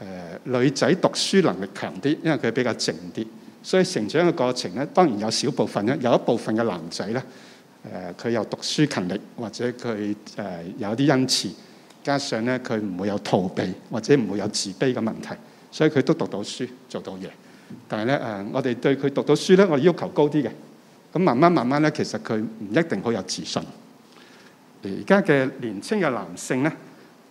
Speaker 1: 呃、女仔讀書能力強啲，因為佢比較靜啲，所以成長嘅過程咧，當然有少部分咧，有一部分嘅男仔咧，誒佢又讀書勤力，或者佢誒、呃、有啲恩賜，加上咧佢唔會有逃避，或者唔會有自卑嘅問題，所以佢都讀到書，做到嘢。但係咧誒，我哋對佢讀到書咧，我哋要求高啲嘅。咁慢慢慢慢咧，其實佢唔一定好有自信。而家嘅年輕嘅男性咧。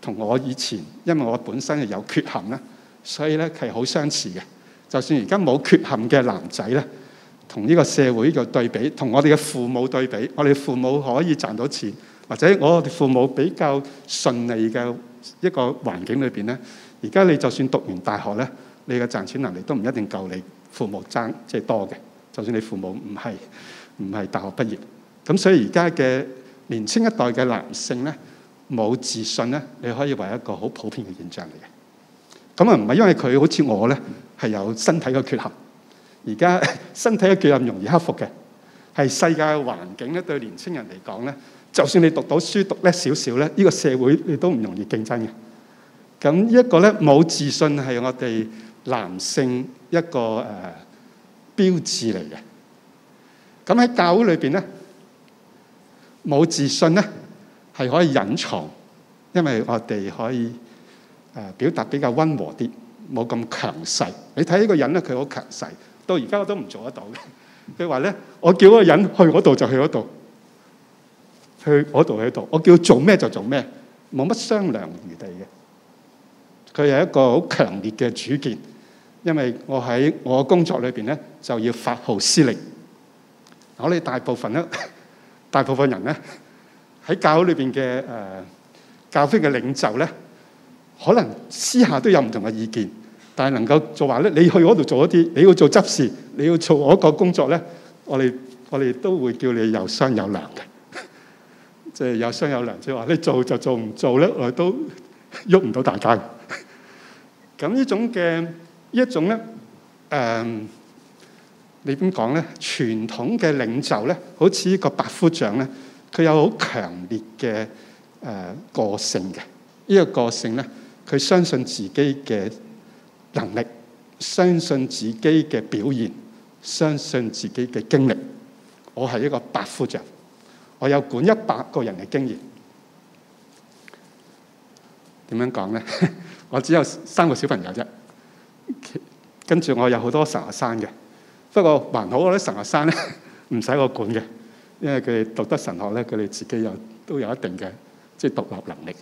Speaker 1: 同我以前，因為我本身係有缺陷啦，所以咧係好相似嘅。就算而家冇缺陷嘅男仔咧，同呢個社會嘅對比，同我哋嘅父母對比，我哋父母可以賺到錢，或者我哋父母比較順利嘅一個環境裏邊咧，而家你就算讀完大學咧，你嘅賺錢能力都唔一定夠你父母爭即係多嘅。就算你父母唔係唔係大學畢業，咁所以而家嘅年青一代嘅男性咧。冇自信咧，你可以話一個好普遍嘅現象嚟嘅。咁啊，唔係因為佢好似我咧，係有身體嘅缺陷。而家身體嘅缺陷容易克服嘅，係世界嘅環境咧，對年青人嚟講咧，就算你讀到書讀叻少少咧，呢、這個社會你都唔容易競爭嘅。咁一個咧冇自信係我哋男性一個誒、呃、標誌嚟嘅。咁喺教會裏邊咧，冇自信咧。係可以隱藏，因為我哋可以誒表達比較溫和啲，冇咁強勢。你睇呢個人咧，佢好強勢，到而家我都唔做得到嘅。佢話咧：我叫嗰個人去嗰度就去嗰度，去嗰度去嗰度，我叫做咩就做咩，冇乜商量餘地嘅。佢係一個好強烈嘅主見，因為我喺我工作裏邊咧就要發號施令。我哋大部分咧，大部分人咧。喺教會裏邊嘅誒教會嘅、呃、領袖咧，可能私下都有唔同嘅意見，但係能夠做話咧，你去嗰度做一啲，你要做執事，你要做嗰個工作咧，我哋我哋都會叫你有商有量嘅，即 [laughs] 係有商有量，即係話你做就做，唔做咧，我哋都喐唔到大家嘅。咁 [laughs] 呢種嘅一種咧，誒、呃，你點講咧？傳統嘅領袖咧，好似呢個百夫長咧。佢有好強烈嘅誒、呃、個性嘅，呢、這個個性咧，佢相信自己嘅能力，相信自己嘅表現，相信自己嘅經歷。我係一個百夫長，我有管一百個人嘅經驗。點樣講咧？ [laughs] 我只有三個小朋友啫，跟住我有好多神學生嘅，不過還好我啲神學生咧唔使我管嘅。因為佢哋讀得神學咧，佢哋自己有都有一定嘅即係獨立能力。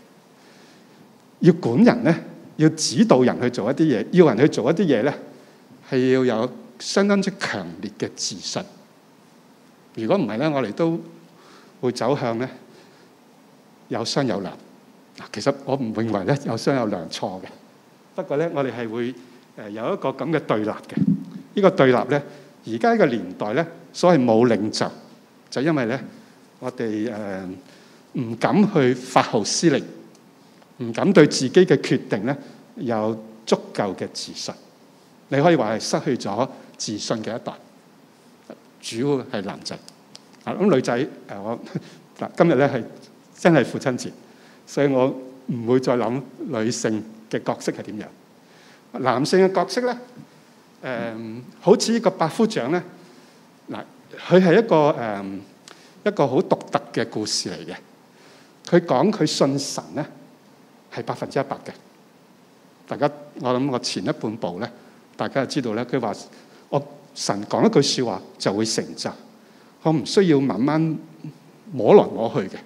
Speaker 1: 要管人咧，要指導人去做一啲嘢，要人去做一啲嘢咧，係要有相當之強烈嘅自信。如果唔係咧，我哋都會走向咧有商有量嗱。其實我唔認為咧有商有量錯嘅，不過咧我哋係會誒有一個咁嘅對立嘅呢、這個對立咧。而家呢個年代咧，所謂冇領袖。就因為咧，我哋誒唔敢去發號施令，唔敢對自己嘅決定咧有足夠嘅自信。你可以話係失去咗自信嘅一代，主要係男仔。啊，咁女仔誒，我嗱今日咧係真係父親節，所以我唔會再諗女性嘅角色係點樣。男性嘅角色咧，誒好似呢個百夫長咧嗱。佢係一個誒、嗯、一個好獨特嘅故事嚟嘅。佢講佢信神咧係百分之一百嘅。大家我諗我前一半步咧，大家就知道咧。佢話我神講一句說話就會成就，我唔需要慢慢摸來摸去嘅。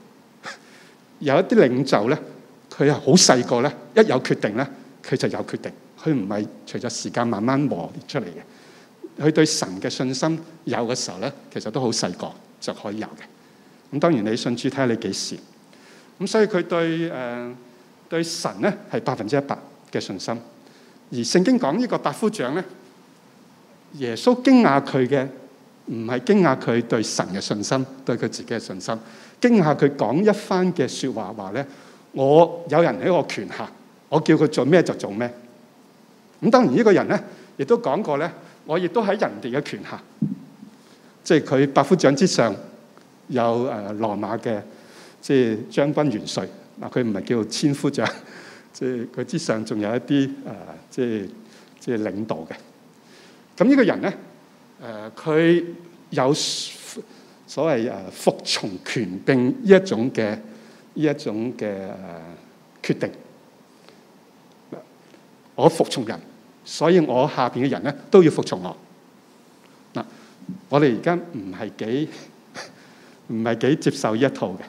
Speaker 1: 有一啲領袖咧，佢係好細個咧，一有決定咧，佢就有決定，佢唔係隨着時間慢慢磨出嚟嘅。佢對神嘅信心有嘅時候咧，其實都好細個就可以有嘅。咁當然你信主睇下你幾時咁，所以佢對誒、呃、對神咧係百分之一百嘅信心。而聖經講呢個百夫長咧，耶穌驚訝佢嘅唔係驚訝佢對神嘅信心，對佢自己嘅信心。驚訝佢講一番嘅説話，話咧，我有人喺我權下，我叫佢做咩就做咩。咁當然呢個人咧亦都講過咧。我亦都喺人哋嘅權下，即係佢百夫長之上有誒羅馬嘅即係將軍元帥。嗱，佢唔係叫千夫長，即係佢之上仲有一啲誒即係即係領導嘅。咁呢個人咧誒，佢有所謂誒服從權柄呢一種嘅呢一種嘅決定，我服從人。所以我下邊嘅人咧都要服從我。嗱，我哋而家唔係幾唔係幾接受呢一套嘅，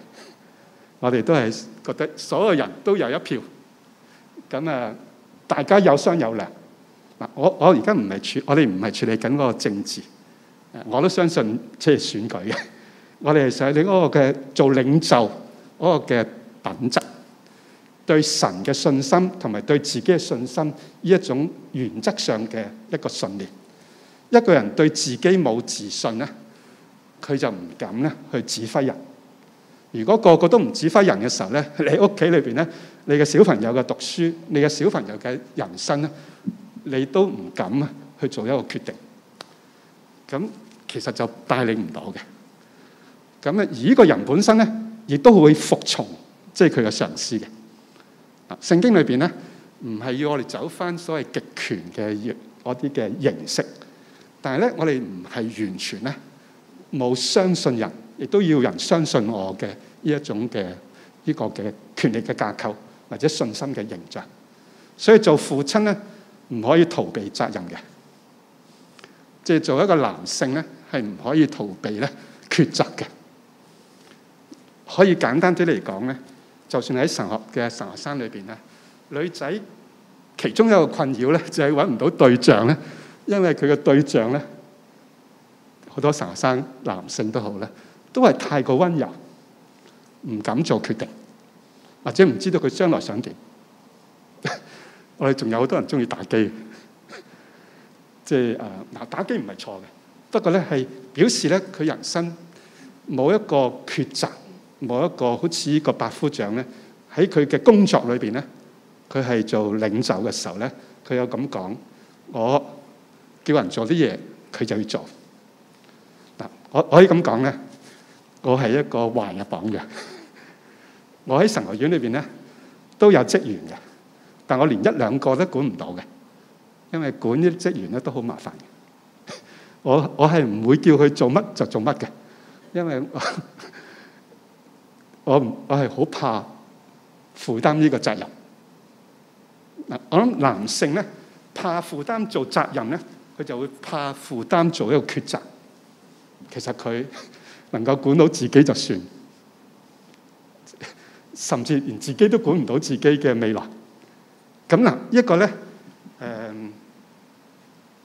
Speaker 1: 我哋都係覺得所有人都有一票。咁啊，大家有商有量。嗱，我我而家唔係處，我哋唔係處理緊個政治。我都相信即係選舉嘅，我哋係想你嗰個嘅做領袖嗰個嘅品質。對神嘅信、信心，同埋對自己嘅信心，呢一種原則上嘅一個信念。一個人對自己冇自信咧，佢就唔敢咧去指揮人。如果個個都唔指揮人嘅時候咧，你喺屋企裏邊咧，你嘅小朋友嘅讀書，你嘅小朋友嘅人生咧，你都唔敢啊去做一個決定。咁其實就帶領唔到嘅。咁咧而呢個人本身咧，亦都會服從，即係佢嘅上司嘅。聖經裏邊咧，唔係要我哋走翻所謂極權嘅嗰啲嘅形式，但係咧，我哋唔係完全咧冇相信人，亦都要人相信我嘅呢一種嘅呢個嘅權力嘅架構或者信心嘅形象。所以做父親咧，唔可以逃避責任嘅，即係做一個男性咧，係唔可以逃避咧抉擇嘅。可以簡單啲嚟講咧。就算喺神學嘅神學生裏邊咧，女仔其中一個困擾咧就係揾唔到對象咧，因為佢嘅對象咧好多神學生男性都好咧，都係太過温柔，唔敢做決定，或者唔知道佢將來想點。 [laughs] 我哋仲有好多人鍾意打機，即係誒嗱打機唔係錯嘅，不過咧係表示咧佢人生冇一個抉擇。某一個好似個百夫長咧，喺佢嘅工作裏邊咧，佢係做領袖嘅時候咧，佢有咁講：我叫人做啲嘢，佢就要做嗱。我可以咁講咧，我係一個壞嘅榜樣。我喺神學院裏邊咧都有職員嘅，但我連一兩個都管唔到嘅，因為管啲職員咧都好麻煩嘅。我我係唔會叫佢做乜就做乜嘅，因為。我我係好怕負擔呢個責任。嗱，我諗男性咧怕負擔做責任咧，佢就會怕負擔做一個抉擇。其實佢能夠管到自己就算，甚至連自己都管唔到自己嘅未來。咁嗱，一個咧，誒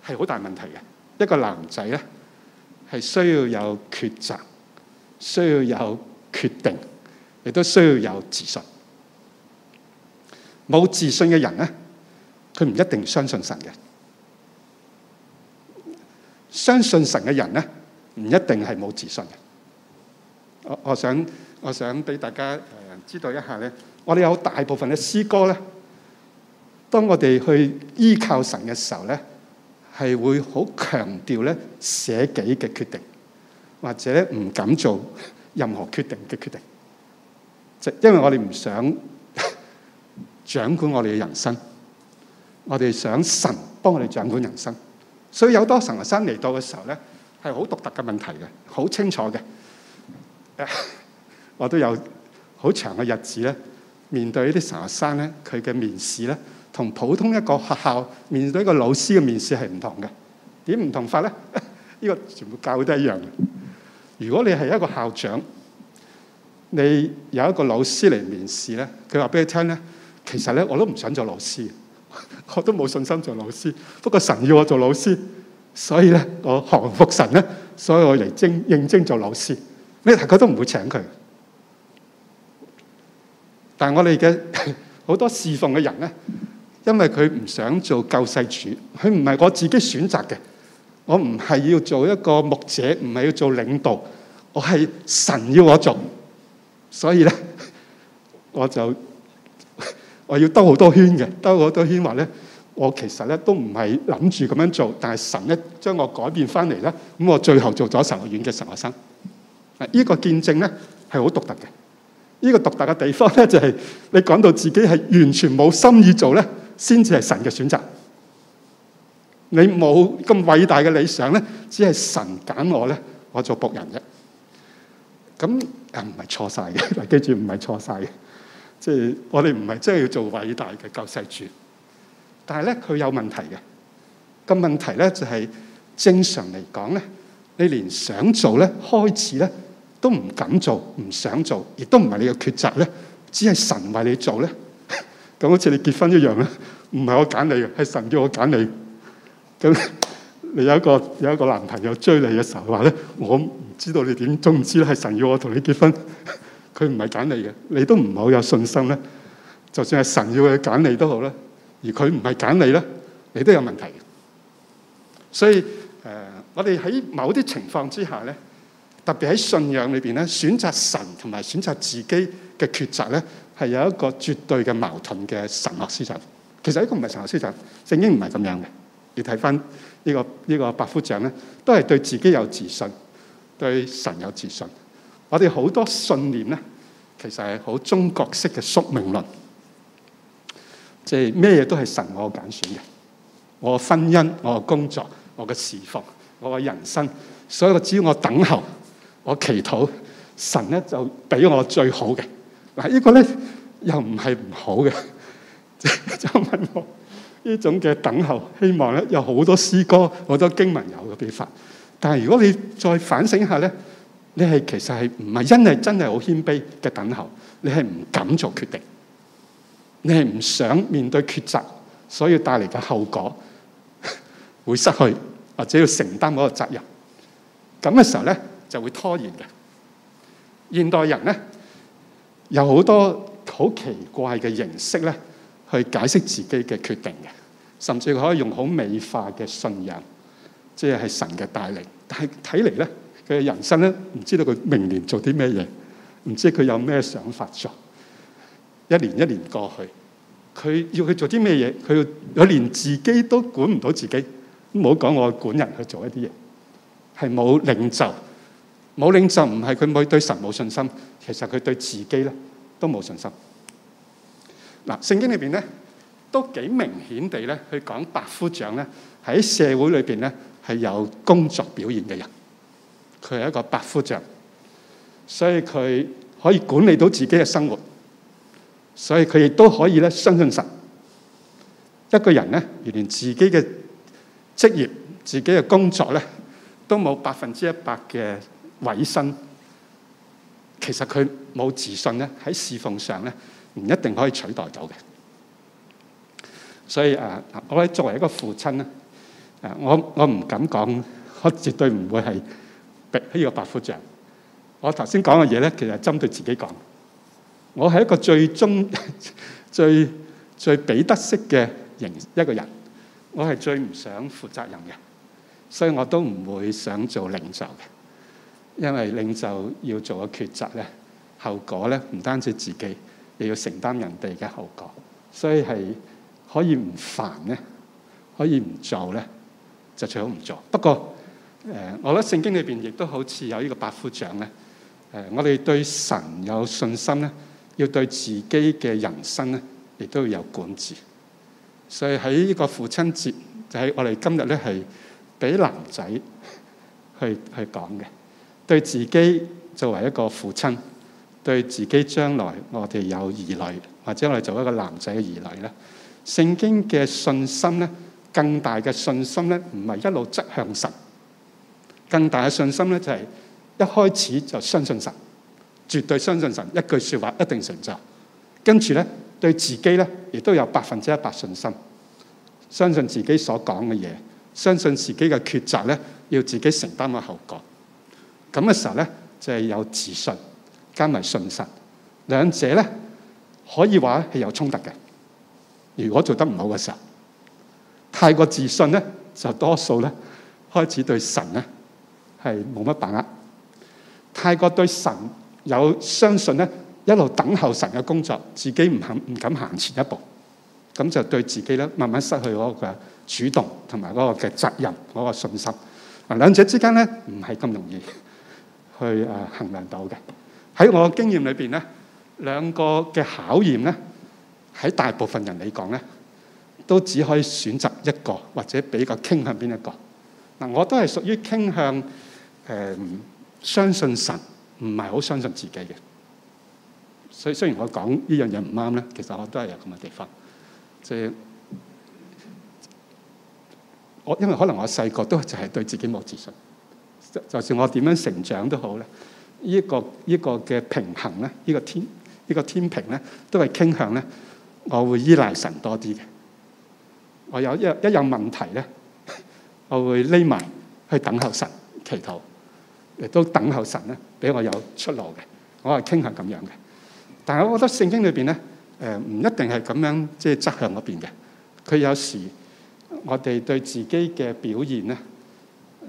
Speaker 1: 係好大問題嘅。一個男仔咧係需要有抉擇，需要有決定。亦都需要有自信。冇自信嘅人咧，佢唔一定相信神嘅。相信神嘅人咧，唔一定係冇自信嘅。我我想我想俾大家誒、呃、知道一下咧，我哋有大部分嘅詩歌咧，當我哋去依靠神嘅時候咧，係會好強調咧捨己嘅決定，或者唔敢做任何決定嘅決定。因為我哋唔想掌管我哋嘅人生，我哋想神幫我哋掌管人生，所以有好多神學生嚟到嘅時候咧，係好獨特嘅問題嘅，好清楚嘅。我都有好長嘅日子咧，面對呢啲神學生咧，佢嘅面試咧，同普通一個學校面對一個老師嘅面試係唔同嘅。點唔同法咧？呢、這個全部教會都一樣。如果你係一個校長。你有一個老師嚟面試咧，佢話俾你聽咧，其實咧我都唔想做老師，我都冇信心做老師。不過神要我做老師，所以咧我降服神咧，所以我嚟徵應徵做老師。咩大家都唔會請佢，但係我哋嘅好多侍奉嘅人咧，因為佢唔想做救世主，佢唔係我自己選擇嘅，我唔係要做一個牧者，唔係要做領導，我係神要我做。所以咧，我就我要兜好多圈嘅，兜好多圈話咧，我其實咧都唔係諗住咁樣做，但係神咧將我改變翻嚟咧，咁我最後做咗神學院嘅神學生。啊，呢個見證咧係好獨特嘅，呢、這個獨特嘅地方咧就係、是、你講到自己係完全冇心意做咧，先至係神嘅選擇。你冇咁偉大嘅理想咧，只係神揀我咧，我做僕人嘅。咁。但唔係錯晒嘅，記住，唔係錯晒嘅，即係我哋唔係真係要做偉大嘅救世主，但係咧佢有問題嘅，個問題咧就係正常嚟講咧，你連想做咧，開始咧都唔敢做，唔想做，亦都唔係你嘅抉擇咧，只係神為你做咧，咁好似你結婚一樣咧，唔係我揀你嘅，係神叫我揀你咁。你有一個有一個男朋友追你嘅時候，話咧，我唔知道你點，總唔知咧。係神要我同你結婚，佢唔係揀你嘅，你都唔好有信心咧。就算係神要佢揀你都好啦，而佢唔係揀你咧，你都有問題嘅。所以誒、呃，我哋喺某啲情況之下咧，特別喺信仰裏邊咧，選擇神同埋選擇自己嘅抉擇咧，係有一個絕對嘅矛盾嘅神學思想。其實呢個唔係神學思想，聖經唔係咁樣嘅。要睇翻。呢、這個呢、這個百夫長咧，都係對自己有自信，對神有自信。我哋好多信念咧，其實係好中國式嘅宿命論，即係咩嘢都係神我揀選嘅。我婚姻，我工作，我嘅事奉，我嘅人生，所以我只要我等候，我祈禱，神咧就俾我最好嘅。嗱、這個，呢個咧又唔係唔好嘅，就問我。呢種嘅等候，希望咧有好多詩歌、好多經文有嘅比法。但係如果你再反省一下咧，你係其實係唔係因為真係好謙卑嘅等候，你係唔敢做決定，你係唔想面對抉擇，所以帶嚟嘅後果會失去或者要承擔嗰個責任。咁嘅時候咧就會拖延嘅。現代人咧有好多好奇怪嘅形式咧去解釋自己嘅決定嘅。甚至可以用好美化嘅信仰，即係神嘅帶領。但係睇嚟咧，佢嘅人生咧，唔知道佢明年做啲咩嘢，唔知佢有咩想法做。一年一年過去，佢要佢做啲咩嘢？佢佢連自己都管唔到自己，唔好講我管人去做一啲嘢，係冇領袖，冇領袖唔係佢冇對神冇信心，其實佢對自己咧都冇信心。嗱，聖經裏邊咧。都幾明顯地咧，去講百夫長咧喺社會裏面咧係有工作表現嘅人，佢係一個百夫長，所以佢可以管理到自己嘅生活，所以佢亦都可以咧相信神。一個人咧，連自己嘅職業、自己嘅工作咧都冇百分之一百嘅委身，其實佢冇自信咧喺侍奉上咧唔一定可以取代到嘅。所以啊，我咧作為一個父親咧，啊，我我唔敢講，我絕對唔會係呢個白虎像。我頭先講嘅嘢咧，其實係針對自己講。我係一個最忠、最最彼得式嘅人一個人，我係最唔想負責任嘅，所以我都唔會想做領袖嘅，因為領袖要做嘅抉擇咧，後果咧唔單止自己，亦要承擔人哋嘅後果，所以係。可以唔煩咧，可以唔做咧，就最好唔做。不過誒、呃，我覺得聖經裏邊亦都好似有呢個百夫長咧。誒、呃，我哋對神有信心咧，要對自己嘅人生咧，亦都要有管治。所以喺呢個父親節，就係、是、我哋今日咧係俾男仔去去講嘅，對自己作為一個父親，對自己將來我哋有兒女，或者我哋做一個男仔嘅兒女咧。聖經嘅信心咧，更大嘅信心咧，唔係一路側向神，更大嘅信心咧就係一開始就相信神，絕對相信神，一句說話一定成就。跟住咧，對自己咧，亦都有百分之一百信心，相信自己所講嘅嘢，相信自己嘅抉擇咧，要自己承擔個後果。咁嘅時候咧，就係、是、有自信，加埋信實，兩者咧可以話係有衝突嘅。如果做得唔好嘅時候，太過自信咧，就多數咧開始對神咧係冇乜把握，太過對神有相信咧，一路等候神嘅工作，自己唔肯唔敢行前一步，咁就對自己咧慢慢失去嗰個主動同埋嗰個嘅責任嗰個信心。嗱，兩者之間咧唔係咁容易去誒衡量到嘅。喺我經驗裏邊咧，兩個嘅考驗咧。喺大部分人來說呢，嚟講咧都只可以選擇一個，或者比較傾向邊一個嗱。我都係屬於傾向誒、呃、相信神，唔係好相信自己嘅。所以雖然我講呢樣嘢唔啱咧，其實我都係有咁嘅地方。即係我因為可能我細個都就係對自己冇自信，就算我點樣成長都好咧。依、呢個依、呢個嘅平衡咧，呢、呢個天依、呢個天平咧，都係傾向咧。我會依賴神多啲嘅。我有一一有問題咧，我會匿埋去等候神祈禱，亦都等候神咧俾我有出路嘅。我係傾向咁樣嘅，但係我覺得聖經裏邊咧，誒、呃、唔一定係咁樣即係側向嗰邊嘅。佢有時我哋對自己嘅表現咧，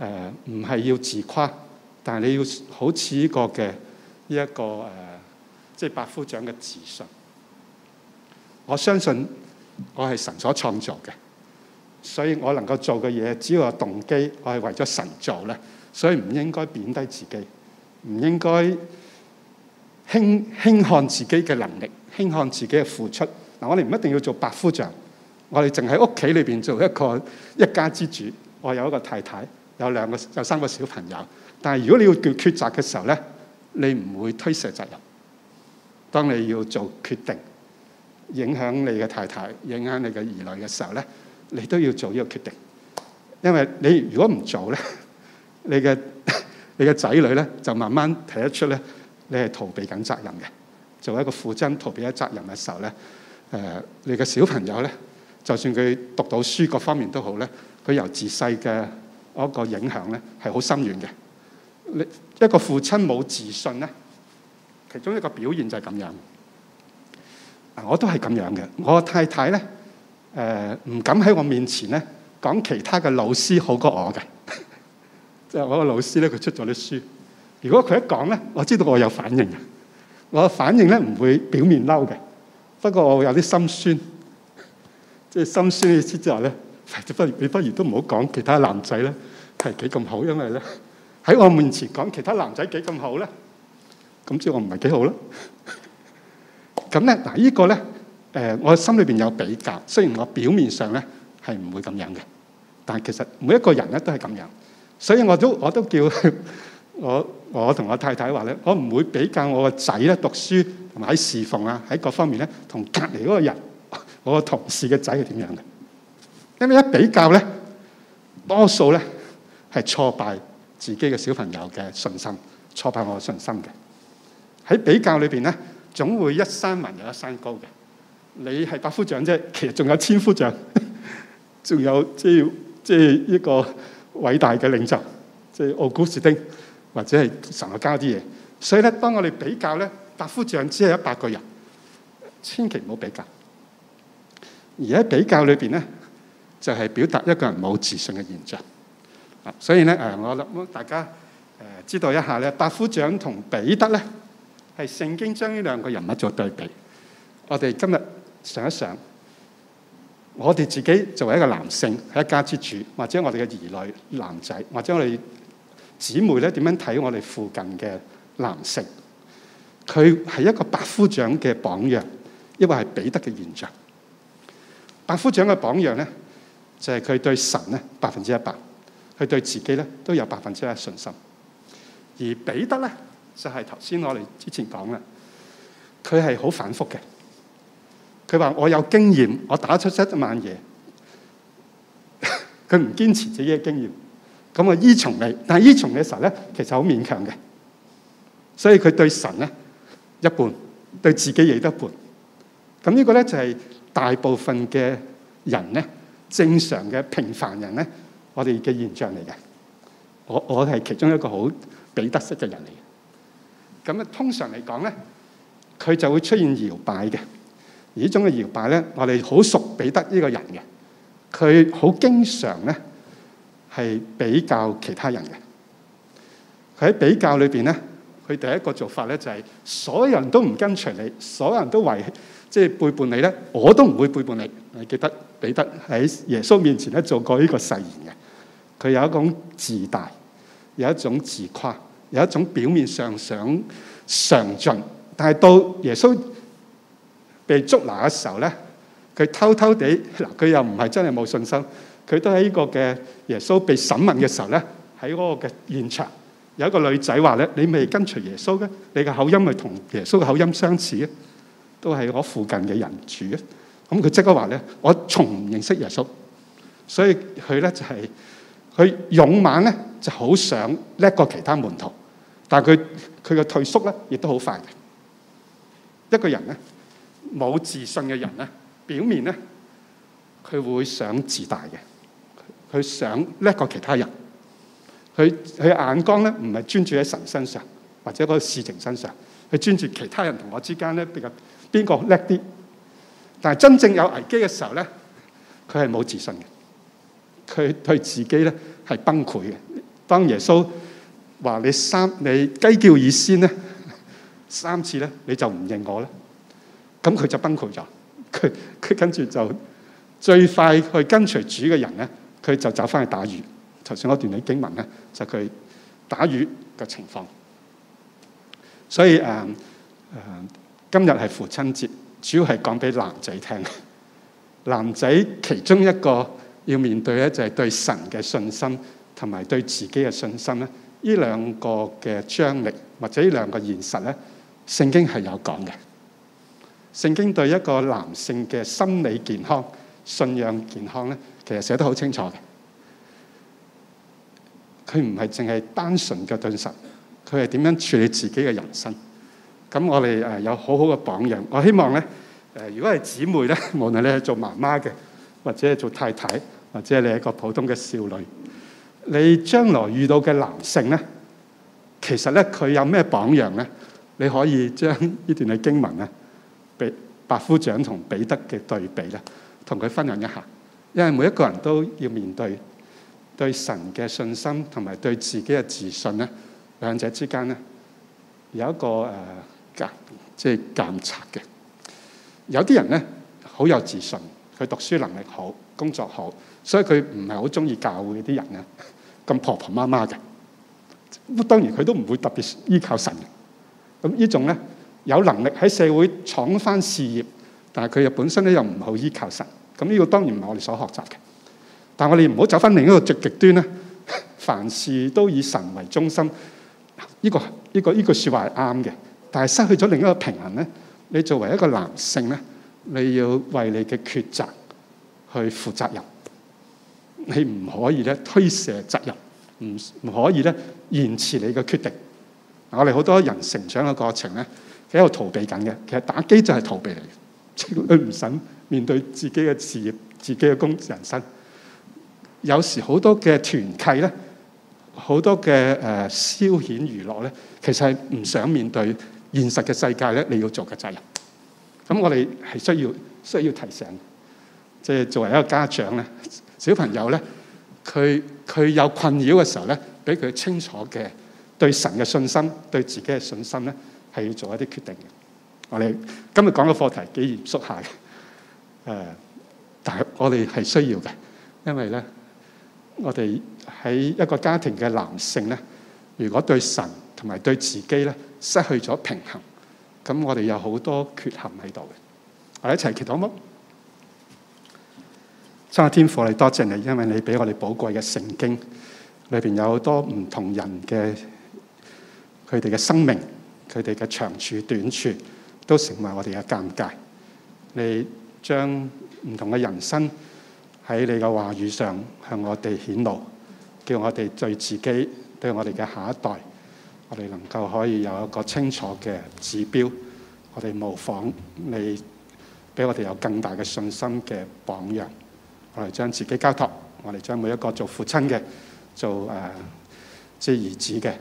Speaker 1: 誒唔係要自誇，但係你要好似呢個嘅呢一個誒、呃，即係百夫長嘅自信。我相信我係神所創造嘅，所以我能夠做嘅嘢，只要有動機，我係為咗神做咧，所以唔應該貶低自己，唔應該輕輕看自己嘅能力，輕看自己嘅付出。嗱，我哋唔一定要做百夫長，我哋淨喺屋企裏邊做一個一家之主。我有一個太太，有兩個、有三個小朋友。但係如果你要做抉擇嘅時候咧，你唔會推卸責任。當你要做決定。影響你嘅太太，影響你嘅兒女嘅時候咧，你都要做呢個決定，因為你如果唔做咧，你嘅你嘅仔女咧就慢慢睇得出咧，你係逃避緊責任嘅，作為一個父親逃避咗責任嘅時候咧，誒、呃，你嘅小朋友咧，就算佢讀到書各方面都好咧，佢由自細嘅嗰個影響咧係好深遠嘅。你一個父親冇自信咧，其中一個表現就係咁樣。我都係咁樣嘅，我太太咧，誒、呃、唔敢喺我面前咧講其他嘅老師好過我嘅，即 [laughs] 係我個老師咧，佢出咗啲書。如果佢一講咧，我知道我有反應嘅，我反應咧唔會表面嬲嘅，不過我有啲心酸，即係心酸嘅意思之後咧，你不如你不如都唔好講其他男仔咧係幾咁好，因為咧喺我面前講其他男仔幾咁好咧，咁即我唔係幾好囉。 [laughs] 咁咧，嗱依、這個咧，誒、呃、我心裏邊有比較，雖然我表面上咧係唔會咁樣嘅，但係其實每一個人咧都係咁樣，所以我都我都叫我我同我太太話咧，我唔會比較我個仔咧讀書同埋喺侍奉啊，喺各方面咧同隔籬嗰個人我個同事嘅仔係點樣嘅，因為一比較咧，多數咧係挫敗自己嘅小朋友嘅信心，挫敗我嘅信心嘅，喺比較裏邊咧。總會一山還有一山高嘅，你係百夫長啫，其實仲有千夫長，仲有即係即係一個偉大嘅領袖，即係奧古斯丁或者係神學家啲嘢。所以咧，當我哋比較咧，百夫長只係一百個人，千祈唔好比較。而喺比較裏邊咧，就係、是、表達一個人冇自信嘅現象。啊，所以咧，誒，我諗大家誒、呃、知道一下咧，百夫長同彼得咧。係聖經將呢兩個人物做對比，我哋今日想一想，我哋自己作為一個男性，係一家之主，或者我哋嘅兒女、男仔，或者我哋姊妹咧，點樣睇我哋附近嘅男性？佢係一個百夫長嘅榜樣，一個係彼得嘅形象。百夫長嘅榜樣咧，就係佢對神咧百分之一百，佢對自己咧都有百分之一百信心。而彼得咧。就係頭先，我哋之前講啦，佢係好反覆嘅。佢話我有經驗，我打出一萬嘢，佢唔堅持自己嘅經驗，咁啊依從你。但係依從你嘅時候咧，其實好勉強嘅，所以佢對神咧一半，對自己亦得一半。咁呢個咧就係、是、大部分嘅人咧，正常嘅平凡人咧，我哋嘅現象嚟嘅。我我係其中一個好彼得式嘅人嚟。咁通常嚟講咧，佢就會出現搖擺嘅。而呢種嘅搖擺咧，我哋好熟彼得呢個人嘅，佢好經常咧係比較其他人嘅。佢喺比較裏邊咧，佢第一個做法咧就係：所有人都唔跟隨你，所有人都為即係背叛你咧，我都唔會背叛你。你記得彼得喺耶穌面前咧做過呢個誓言嘅，佢有一種自大，有一種自誇。有一種表面上想上進，但係到耶穌被捉拿嘅時候咧，佢偷偷地嗱，佢又唔係真係冇信心，佢都喺呢個嘅耶穌被審問嘅時候咧，喺嗰個嘅現場有一個女仔話咧：你未跟隨耶穌嘅，你嘅口音咪同耶穌嘅口音相似啊？都係我附近嘅人住啊！咁佢即刻話咧：我從唔認識耶穌，所以佢咧就係。佢勇猛咧，就好想叻過其他門徒，但係佢佢嘅退縮咧，亦都好快。一個人咧冇自信嘅人咧，表面咧佢會想自大嘅，佢想叻過其他人。佢佢眼光咧唔係專注喺神身上，或者嗰個事情身上，佢專注其他人同我之間咧比較邊個叻啲。但係真正有危機嘅時候咧，佢係冇自信嘅。佢對自己咧係崩潰嘅。當耶穌話你三你雞叫以先咧三次咧，你就唔認我喇。咁佢就崩潰咗。佢佢跟住就最快去跟隨主嘅人咧，佢就走翻去打魚。頭先嗰段嘅經文咧，就佢打魚嘅情況。所以誒誒，今日係父親節，主要係講俾男仔聽。男仔其中一個要面對咧，就係對神嘅信心同埋對自己嘅信心咧，呢兩個嘅張力或者呢兩個現實咧，聖經係有講嘅。聖經對一個男性嘅心理健康、信仰健康咧，其實寫得好清楚嘅。佢唔係淨係單純嘅對神，佢係點樣處理自己嘅人生。咁我哋誒有好好嘅榜樣，我希望咧誒、呃，如果係姊妹咧，無論你係做媽媽嘅或者係做太太，或者你一個普通嘅少女，你將來遇到嘅男性咧，其實咧佢有咩榜樣咧？你可以將呢段嘅經文咧，俾百夫長同彼得嘅對比咧，同佢分享一下，因為每一個人都要面對對神嘅信心同埋對自己嘅自信咧，兩者之間咧有一個誒監、呃、即係監察嘅。有啲人咧好有自信，佢讀書能力好，工作好。所以佢唔係好中意教會啲人啊，咁婆婆媽媽嘅。咁當然佢都唔會特別依靠神嘅。咁呢種咧有能力喺社會闖翻事業，但係佢又本身咧又唔好依靠神。咁呢個當然唔係我哋所學習嘅。但係我哋唔好走翻另一個極極端咧。凡事都以神為中心，呢個呢個呢個説話係啱嘅，但係失去咗另一個平衡咧。你作為一個男性咧，你要為你嘅抉擇去負責任。你唔可以咧推卸責任，唔唔可以咧延遲你嘅決定。我哋好多人成長嘅過程咧，喺度逃避緊嘅。其實打機就係逃避嚟，佢唔想面對自己嘅事業、自己嘅工人生。有時好多嘅團契咧，好多嘅誒消遣娛樂咧，其實係唔想面對現實嘅世界咧，你要做嘅責任。咁我哋係需要需要提醒，即係作為一個家長咧。小朋友咧，佢佢有困擾嘅時候咧，俾佢清楚嘅對神嘅信心，對自己嘅信心咧，係要做一啲決定嘅。我哋今日講嘅課題幾嚴肅下嘅，誒、呃，但係我哋係需要嘅，因為咧，我哋喺一個家庭嘅男性咧，如果對神同埋對自己咧失去咗平衡，咁我哋有好多缺陷喺度嘅。我哋一齊祈禱。真係天父，你多謝你，因為你俾我哋寶貴嘅聖經裏面有好多唔同人嘅佢哋嘅生命，佢哋嘅長處短處都成為我哋嘅鑑戒。你將唔同嘅人生喺你嘅話語上向我哋顯露，叫我哋對自己，對我哋嘅下一代，我哋能夠可以有一個清楚嘅指標。我哋模仿你，俾我哋有更大嘅信心嘅榜樣。我哋將自己交託，我哋將每一個做父親嘅，做誒即係兒子嘅，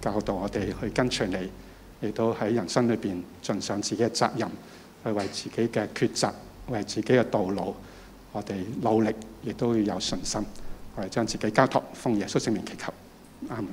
Speaker 1: 教導我哋去跟隨你，亦都喺人生裏邊盡上自己嘅責任，去為自己嘅抉擇，為自己嘅道路，我哋努力，亦都要有信心。我哋將自己交託，奉耶穌聖名祈求，阿門。